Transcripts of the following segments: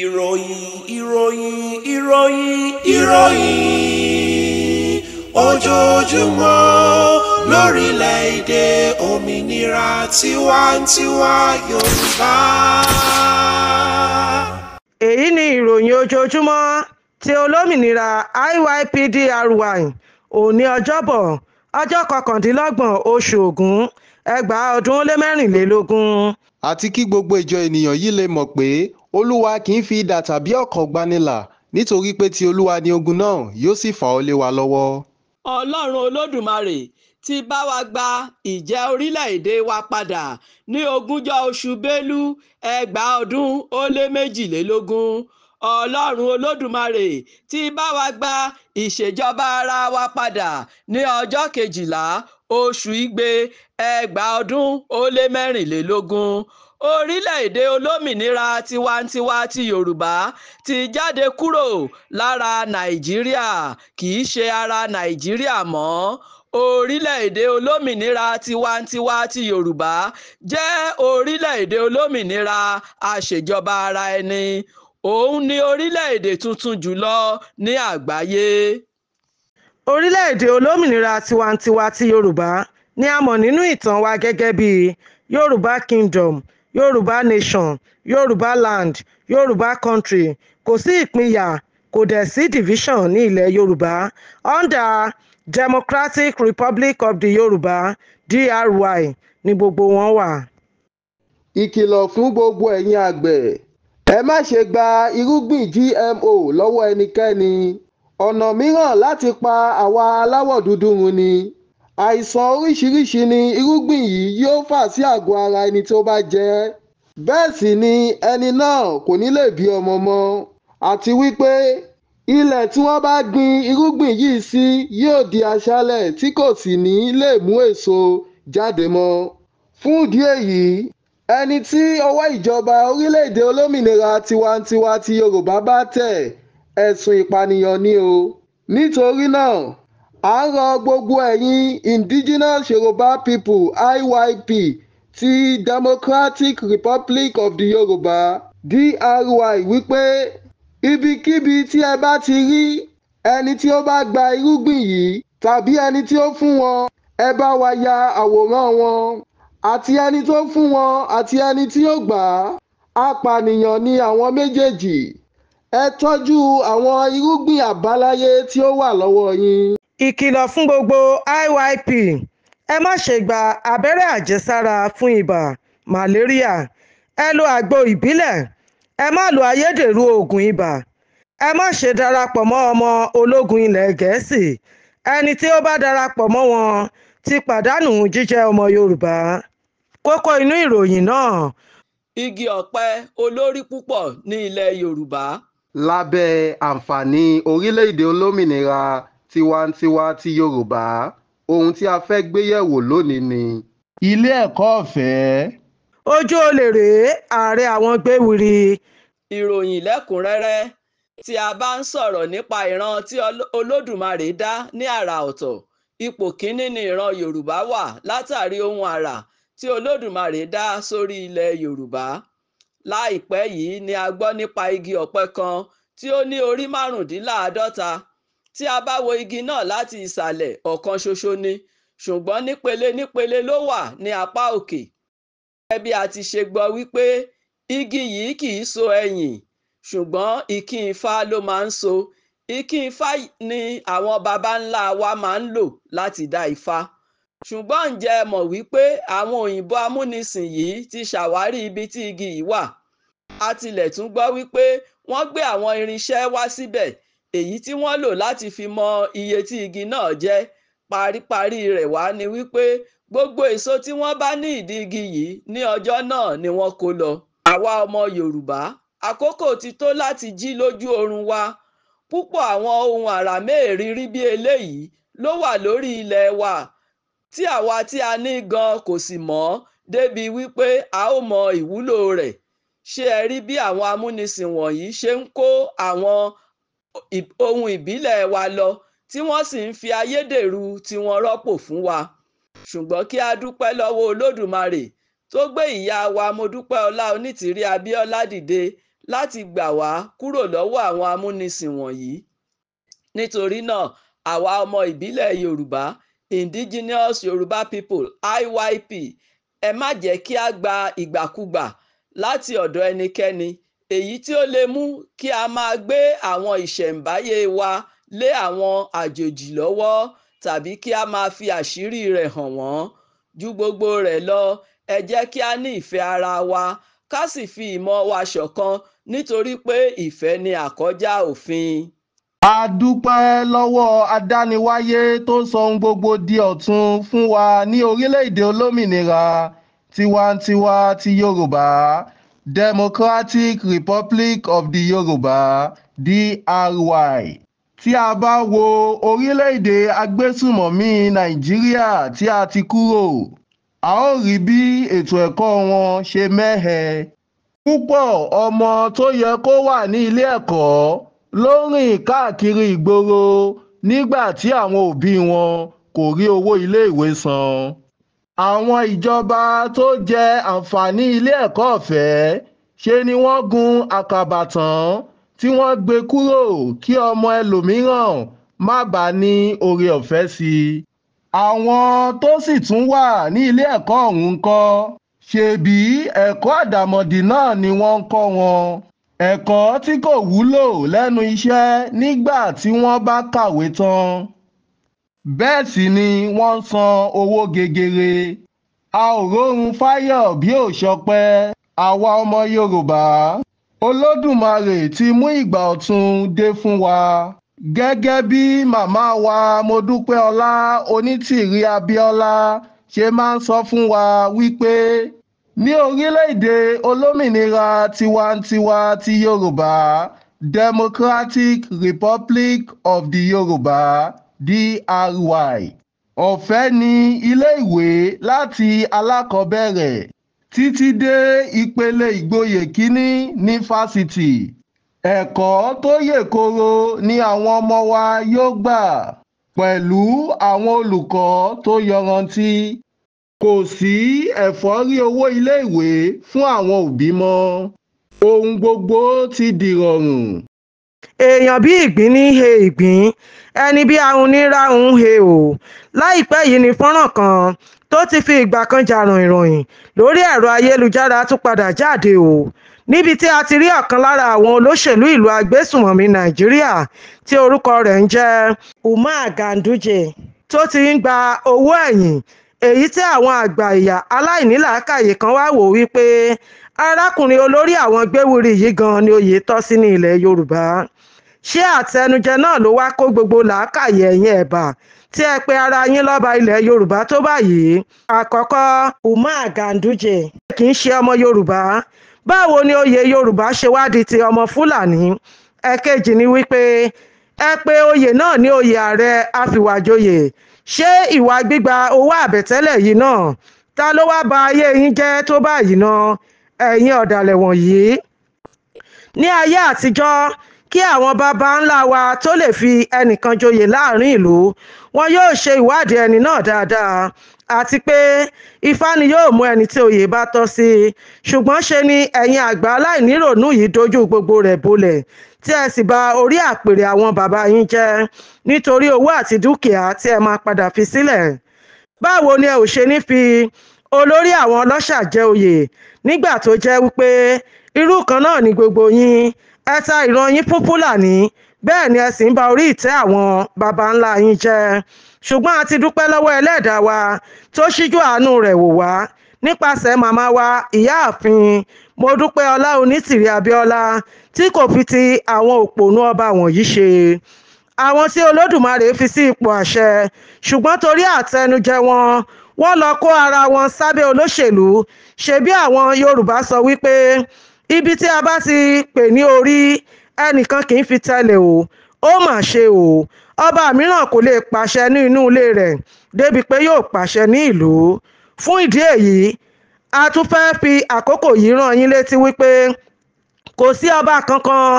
ìròyìn ìròyìn ìròyìn ìròyìn ojoojúmọ́ lórílẹ̀‐èdè òmìnira tiwantiwa yorùbá. èyí ni ìròyìn ojoojúmọ́ ti olómìnira IYPDRY òní ọjọ́bọ̀ ọjọ́ kọkàndínlọ́gbọ̀n oṣù ògún ẹgbàá ọdún ó lé mẹ́rìnlélógún. àti kí gbogbo ìjọ ènìyàn yìí lè mọ̀ pé olúwa kì í fi idà tàbí ọ̀kọ̀ gbani là nítorí pé ti olúwa ni ogun náà yóò sì fà ọ́ lé wa lọ́wọ́. ọlọ́run olódùmarè ti bá wa gba ìjẹ́ orílẹ̀-èdè wa padà ní ogúnjọ́ oṣù bélú ẹgbàá ọdún ó lé méjìlélógún ọlọ́run olódùmarè ti bá wa gba ìṣèjọba ara wa padà ní ọjọ́ kejìlá oṣù igbe ẹgbàá ọdún ó lé mẹ́rìnlélógún orílẹ̀-èdè olómìnira tiwantiwa ti yorùbá ti jáde kúrò lára nàìjíríà kì í ṣe ara nàìjíríà mọ́ orílẹ̀-èdè olómìnira tiwantiwa ti yorùbá jẹ́ orílẹ̀-èdè olómìnira àṣejọba ara ẹni òun ni orílẹ̀-èdè tuntun jùlọ ní àgbáyé. orílẹ̀-èdè olómìnira tiwantiwa ti yorùbá ni a mọ̀ nínú ìtàn wa gẹ́gẹ́ bí yorùbá kingdom yorùbá nation yorùbá land yorùbá country kò sí ìpínyà kò dẹ̀ sí division ní ilẹ̀ yorùbá under democratic republic of the yorùbá dry ni gbogbo wọn wà. ìkìlọ̀ fún gbogbo ẹ̀yin àgbẹ̀ ẹ má ṣe gba irúgbìn gmo lọ́wọ́ ẹnikẹ́ni ọ̀nà mìíràn láti pa àwa aláwọ̀ dúdú run ni àìsàn oríṣiríṣi ni irúgbìn yìí yóò fà sí àgọ́ ara ẹni tó bá jẹ ẹ́ bẹ́ẹ̀ sì ni ẹni náà kò ní lè bí ọmọ mọ́ àti wípé ilẹ̀ tí wọ́n bá gbin irúgbìn yìí sí yóò di aṣálẹ̀ tí kò sì ní lè mú èso jáde mọ́ fún ìdí èyí ẹni tí ọwọ́ ìjọba orílẹ̀-èdè olómìnira tiwantiwa ti Yorùbá bá tẹ̀ ẹ̀sùn ìpànìyàn ni o nítorí náà à ń rọ gbogbo ẹ̀yin indigenous yorùbá people iyp ti democratic republic of the yorùbá dry wípé ibikíbi tí ẹ bá ti rí ẹni tí ó bá gba irúgbìn yìí tàbí ẹni tí ó fún wọn ẹ bá wa ya àwòrán wọn àti ẹni tó fún wọn àti ẹni tí ó gbà á apànìyàn ni àwọn méjèèjì ẹ tọ́jú àwọn irúgbìn àbáláyé tí ó wà lọ́wọ́ yín ìkìlọ̀ fún gbogbo iyp ẹ má ṣe gba abẹ́rẹ́ àjẹsára fún ibà màléríà ẹ lo àgbo ìbílẹ̀ ẹ má lo ayédèrú oògùn ibà ẹ má ṣe darapọ̀ mọ́ ọmọ ológun ilẹ̀ gẹ̀ẹ́sì ẹni tí ó bá darapọ̀ mọ́ wọn ti pàdánù jíjẹ́ ọmọ yorùbá kókó inú ìròyìn náà. igi ọ̀pẹ olórí púpọ̀ ní ilẹ̀ yorùbá. lábẹ́ àǹfààní orílẹ̀-èdè olómìnira tiwantiwa ti Yorùbá ohun tí a fẹ́ gbé yẹ̀wò lónìí ni. ilé ẹ̀kọ́ ọ̀fẹ́. ojú olè rèé ààrẹ àwọn gbéwìrì. ìròyìn lẹ́kùnrẹ́rẹ́ tí a bá ń sọ̀rọ̀ nípa ìran tí Olódùmarè dá ní àrà ọ̀tọ̀ ipò kínní ni ìran Yorùbá wà látàrí ohun àrà tí Olódùmarè dá sórí ilẹ̀ Yorùbá láìpẹ́ yìí ni a gbọ́ nípa igi ọ̀pẹ kan tí ó ní orí márùndínláàádọ́ta tí a bá wo igi náà láti ìsàlẹ̀ ọ̀kan ṣoṣo ni ṣùgbọ́n nípele nípele ló wà ní apá òkè. gẹ́gẹ́ bí a ti ṣe gbọ́ wípé igi yìí kì í so ẹ̀yìn ṣùgbọ́n ìkín ifá ló máa ń so ìkín ifá ni àwọn baba ńlá wa máa ń lò láti dá ifá. ṣùgbọ́n ǹjẹ́ ẹ mọ̀ wípé àwọn òyìnbó amúnisìn yìí ti ṣàwárí ibi tí igi yìí wà. a tilẹ̀ tún gbọ́ wípé wọ́n gbé àwọn irinṣẹ́ wá síbẹ̀ èyí tí wọ́n lò láti fi mọ iye tí igi náà jẹ́ paríparí rẹ̀ wá ni wípé gbogbo èso tí wọ́n bá ní ìdí igi yìí ní ọjọ́ náà ni wọ́n kó lọ. àwa ọmọ Yorùbá àkókò ti tó láti jí lójú oorun wa púpọ̀ àwọn ohun àrà mẹ́ẹ̀ẹ́rírí bí eléyìí ló wà lórí ilẹ̀ wa tí àwa tí a ní gan kò sì mọ̀ débi wípé a ó mọ ìwúlò rẹ̀ ṣé ẹ rí bí àwọn amúnisìn wọ̀nyí ṣe ń kó àwọn ohun ìbílẹ̀ wa lọ tí wọ́n sì ń fi ayédèrú tiwọn rọ́pò fún wa ṣùgbọ́n kí a dúpẹ́ lọ́wọ́ olódùmarè tó gbé ìyá wa modúpẹ́ ọlá onítìrí abíọ́lá dìde láti gbà wá kúrò lọ́wọ́ àwọn amúnisìn wọ̀nyí nítorí náà àwa ọmọ ìbílẹ̀ yorùbá indigenous yorùbá people iyp ẹ má jẹ́ kí a gba ìgbàkúgbà láti ọ̀dọ̀ ẹnikẹ́ni èyí tí ó lè mú kí a máa gbé àwọn ìṣẹ̀ǹbáyé wa lé àwọn àjòjì lọ́wọ́ tàbí kí a máa fi àṣírí rẹ̀ hàn wọ́n ju gbogbo rẹ̀ lọ ẹ jẹ́ kí a ní ìfẹ́ ara wa ká sì fi ìmọ̀ wa ṣọ̀kan nítorí pé ìfẹ́ ni àkọ́já òfin. a dúpẹ́ lọ́wọ́ adániwáyé tó sọ ohun gbogbo di ọ̀tun fún wa ní orílẹ̀-èdè olómìnira tiwantiwa ti yorùbá democratic republic of the Yoruba dry tí a bá wo orílẹ̀-èdè agbésùmọ̀mí nàìjíríà tí a ti kúrò a ó rí bí ètò ẹ̀kọ́ wọn ṣe mẹ́hẹ. púpọ̀ ọmọ tó yẹ kó wà ní ilé ẹ̀kọ́ ló rìn káàkiri ìgboro nígbà tí àwọn òbí wọn kò rí owó iléèwé san àwọn ìjọba tó jẹ àǹfààní ilé-ẹ̀kọ́ ọ̀fẹ́ ṣe ni wọ́n gun àkàbà tán tí wọ́n gbé e kúrò kí ọmọ ẹlòmíràn má bàa ní oore-ọ̀fẹ́ sí i. àwọn tó sì tún wà ní ilé-ẹ̀kọ́ ọ̀hún ń kọ́ ṣebí ẹ̀kọ́ àdàmọ̀dì náà ni wọ́n ń kọ́ wọn ẹ̀kọ́ tí kò wúlò lẹ́nu iṣẹ́ nígbà tí wọ́n bá kàwé tán bẹ́ẹ̀ sì ni wọ́n ń san owó gegere a ò rórun fáyọ̀ bí ò ṣọpẹ́ àwa ọmọ yorùbá olódùmarè ti mú ìgbà ọ̀tun dé fún wa gẹ́gẹ́ bí màmá wa modúpẹ́ọlá onítìrí abíọ́lá ṣe máa ń sọ fún wa wípé ní orílẹ̀-èdè olómìnira tiwantiwa ti yorùbá democratic republic of the yorùbá DRY. Ọ̀fẹ́ ni ilé-ìwé láti alákọ̀ọ́bẹ̀rẹ̀ títí dé ìpele ìgboyè kíní ní fásitì. Ẹ̀kọ́ tó yèkoro ni àwọn ọmọ wa yóò gbà pẹ̀lú àwọn olùkọ́ tó yọrantí. Kò sí ẹ̀fọ́rí owó iléèwé fún àwọn òbí mọ́. Ohun gbogbo ti dìrọ̀rùn èèyàn bí ìgbín ní he ìgbín ẹni bí ahun ní ráhùn he o láìpẹ́ yìí ni fọ́nrán kan tó ti fi ìgbà kan jarun ìròyìn lórí ẹ̀rọ ayélujára tún padà jáde o níbi tí a ti rí ọ̀kan lára àwọn olóṣèlú ìlú agbésùnmọ̀mí nàìjíríà tí orúkọ rẹ̀ ń jẹ́ Umar Ganduje tó ti ń gba owó ẹ̀yìn èyí tí àwọn àgbà ìyà aláìnílàákàyè kan wá wò wípé arákùnrin olórí àwọn gbéwúrì yìí gan ni oyè tọ́ sí ní ilẹ̀ yorùbá ṣé àtẹnujẹ náà ló wá kó gbogbo làákàyè ẹ̀yin ẹ̀bà tí ẹ pe ara yín lọ́ba ilẹ̀ yorùbá tó báyìí àkọ́kọ́ umar ganduje kì í ṣe ọmọ yorùbá báwo ni oyè yorùbá ṣe wá di ti ọmọ fúlàní ẹ̀kejì ni wípé ẹ pe oyè náà ní oyè ààrẹ àfìwàjòyè ṣé ìwà gbígba owó àbẹ̀tẹ́lẹ̀ yìí náà ta ló wá ba ayé yín jẹ́ tó báyìí náà ẹ̀yin ọ̀dàlẹ̀ wọ̀nyí ní ayé àtijọ́ kí àwọn baba ńlá wa tó lè fi ẹnìkan joyè láàrin ìlú wọn yóò ṣe ìwádìí ẹni náà dáadáa àti pé ifá ni yóò mú ẹni tí oyè bá tọ́ sí i ṣùgbọ́n ṣe ni ẹ̀yin àgbà aláìníròónú yìí dojú gbogbo rẹ̀ bolẹ̀ tí ẹ sì bà orí àpèrè àwọn bàbá yín jẹ́ nítorí owó àti dúkìá tí ẹ máa padà fi sílẹ̀ báwo ni ẹ ò ṣe ní fi olórí àwọn ọlọ́ṣà jẹ oyè nígbà tó jẹ́ wípé irú kan náà ni gbogbo yín ẹ̀ta ìran yín púpùlà ní bẹ́ẹ̀ ni ẹ sì ń ba orí ìtẹ́ àwọn baba ńlá yín jẹ́ ṣùgbọ́n a ti dúpẹ́ lọ́wọ́ ẹlẹ́dàá wa tó ṣíjú àánú rẹ̀ wò wá nípasẹ̀ màmá wa ìyáàfin mo dúpẹ́ ọlá onítìrí abíọ́lá tí kò fi ti àwọn òpònú ọba wọ̀nyí ṣe àwọn tí olódùmarè fi sí ipò àṣẹ ṣùgbọ́n torí àtẹnujẹ wọn wọ́n lọ kó ara wọn sábẹ́ olóṣèlú ṣebí àwọn yorùbá sọ wípé ibi tí a bá ti pè ní orí ẹnìkan kì í fi tẹ̀lé o ó mà ṣe o ọba mìíràn kò lè pàṣẹ ní inú ilé rẹ̀ débi pé yóò pàṣẹ ní ìlú fún ìdí èyí a tún fẹ́ fi àkókò yìí rán yín létí wípé kò sí ọba kankan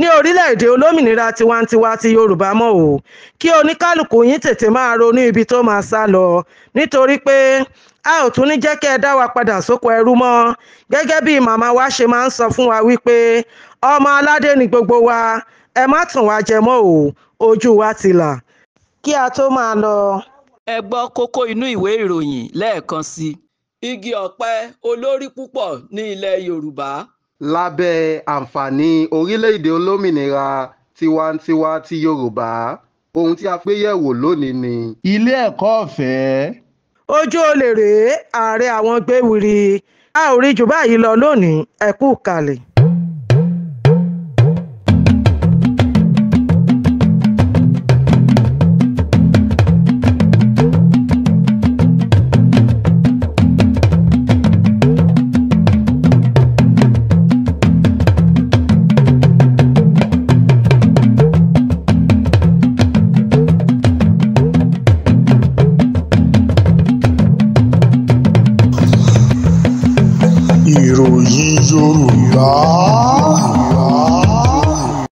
ní orílẹ̀-èdè olómìnira tiwantiwa ti yorùbá mọ́ o kí oníkálukú yín tètè máa ronú ibi tó máa sá lọ nítorí pé a ò tún ní jẹ́ kí ẹ dá wa padà sóko ẹrú mọ́ gẹ́gẹ́ bí màmá wa ṣe máa ń sọ fún wa wípé ọmọ aládé ni gbogbo wa ẹ má tàn wá jẹ mọ́ o ojú wa ti là kí a tó máa lọ. ẹ gbọ́ kókó inú ìwé ìròyìn lẹ́ẹ̀kan sí i igi ọ̀pẹ olórí púpọ̀ ní ilẹ̀ Yorùbá. lábẹ́ àǹfààní orílẹ̀-èdè olómìnira tiwantiwa ti Yorùbá ohun tí a gbé yẹ̀wò lónìí ni. ilé ẹ̀kọ́ ọ̀fẹ́ ojú olè rèé ààrẹ àwọn gbéwìrì a ò rí jù báyìí lọ lónìí ẹ kú kalẹ̀